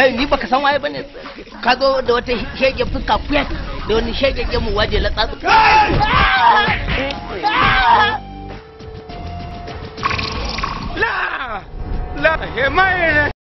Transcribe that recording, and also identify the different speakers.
Speaker 1: kai ni baka san waye bane ka zo da wata shege fuska kuyat da wani shege ke mu waje latsatsu
Speaker 2: la la he mai